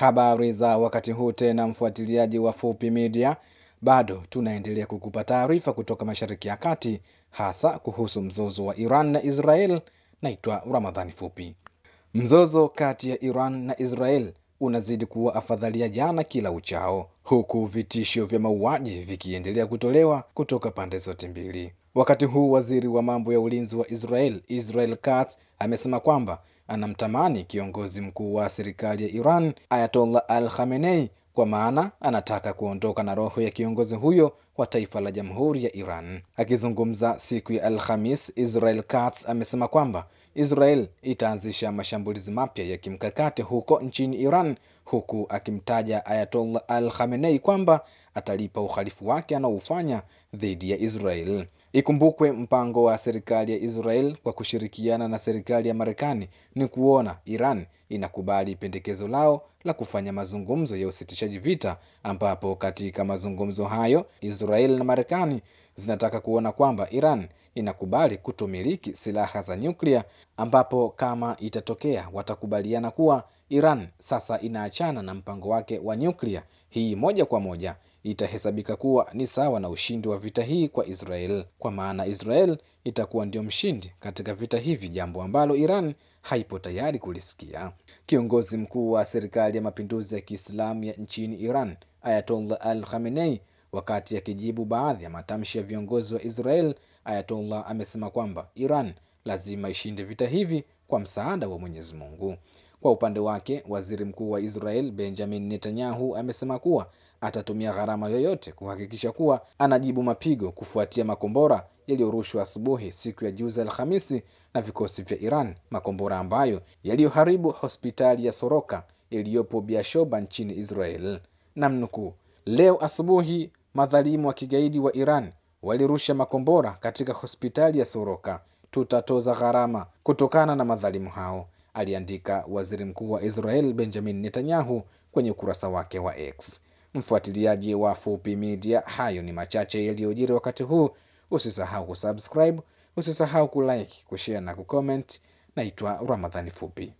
Habari za wakati huu tena, mfuatiliaji wa Fupi Media, bado tunaendelea kukupa taarifa kutoka Mashariki ya Kati, hasa kuhusu mzozo wa Iran na Israel. Naitwa Ramadhani Fupi. Mzozo kati ya Iran na Israel unazidi kuwa afadhalia jana kila uchao, huku vitisho vya mauaji vikiendelea kutolewa kutoka pande zote mbili. Wakati huu waziri wa mambo ya ulinzi wa Israel, Israel Katz, amesema kwamba anamtamani kiongozi mkuu wa serikali ya Iran, Ayatollah Al Khamenei, kwa maana anataka kuondoka na roho ya kiongozi huyo wa taifa la Jamhuri ya Iran. Akizungumza siku ya Alhamis, Israel Katz amesema kwamba Israel itaanzisha mashambulizi mapya ya kimkakati huko nchini Iran huku akimtaja Ayatollah Al Khamenei kwamba atalipa uhalifu wake anaoufanya dhidi ya Israel. Ikumbukwe mpango wa serikali ya Israel kwa kushirikiana na serikali ya Marekani ni kuona Iran inakubali pendekezo lao la kufanya mazungumzo ya usitishaji vita, ambapo katika mazungumzo hayo Israel na Marekani zinataka kuona kwamba Iran inakubali kutomiliki silaha za nyuklia, ambapo kama itatokea watakubaliana kuwa Iran sasa inaachana na mpango wake wa nyuklia, hii moja kwa moja itahesabika kuwa ni sawa na ushindi wa vita hii kwa Israel, kwa maana Israel itakuwa ndio mshindi katika vita hivi, jambo ambalo Iran haipo tayari kulisikia. Kiongozi mkuu wa serikali ya mapinduzi ya Kiislamu ya nchini Iran, Ayatollah Al Khamenei, wakati akijibu baadhi ya matamshi ya viongozi wa Israel, Ayatollah amesema kwamba Iran lazima ishinde vita hivi kwa msaada wa Mwenyezi Mungu. Kwa upande wake, Waziri Mkuu wa Israel Benjamin Netanyahu amesema kuwa atatumia gharama yoyote kuhakikisha kuwa anajibu mapigo kufuatia makombora yaliyorushwa asubuhi siku ya juzi Alhamisi na vikosi vya Iran, makombora ambayo yaliyoharibu hospitali ya Soroka iliyopo biashoba nchini Israel. Namnukuu, leo asubuhi madhalimu wa kigaidi wa Iran walirusha makombora katika hospitali ya Soroka tutatoza gharama kutokana na madhalimu hao, aliandika waziri mkuu wa Israel Benjamin Netanyahu kwenye ukurasa wake wa X. Mfuatiliaji wa Fupi Media, hayo ni machache yaliyojiri wakati huu. Usisahau kusubscribe, usisahau kulike, kushare na kucomment. Naitwa Ramadhani Fupi.